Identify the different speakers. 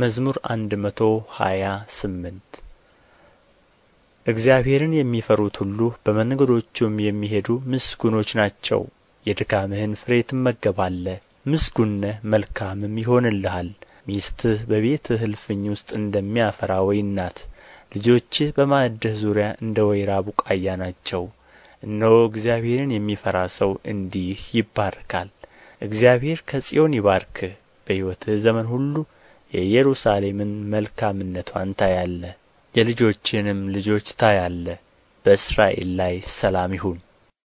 Speaker 1: መዝሙር መቶ ሃያ ስምንት እግዚአብሔርን የሚፈሩት ሁሉ በመንገዶቹም የሚሄዱ ምስጉኖች ናቸው። የድካምህን ፍሬ ትመገባለህ፣ ምስጉን መልካምም ይሆንልሃል። ሚስትህ በቤትህ እልፍኝ ውስጥ እንደሚያፈራ ወይን ናት። ልጆችህ በማዕድህ ዙሪያ እንደ ወይራ ቡቃያ ናቸው። እነሆ እግዚአብሔርን የሚፈራ ሰው እንዲህ ይባርካል። እግዚአብሔር ከጽዮን ይባርክህ፣ በሕይወትህ ዘመን ሁሉ የኢየሩሳሌምን መልካምነቷን ታያለ የልጆችንም ልጆች ታያለ በእስራኤል ላይ ሰላም ይሁን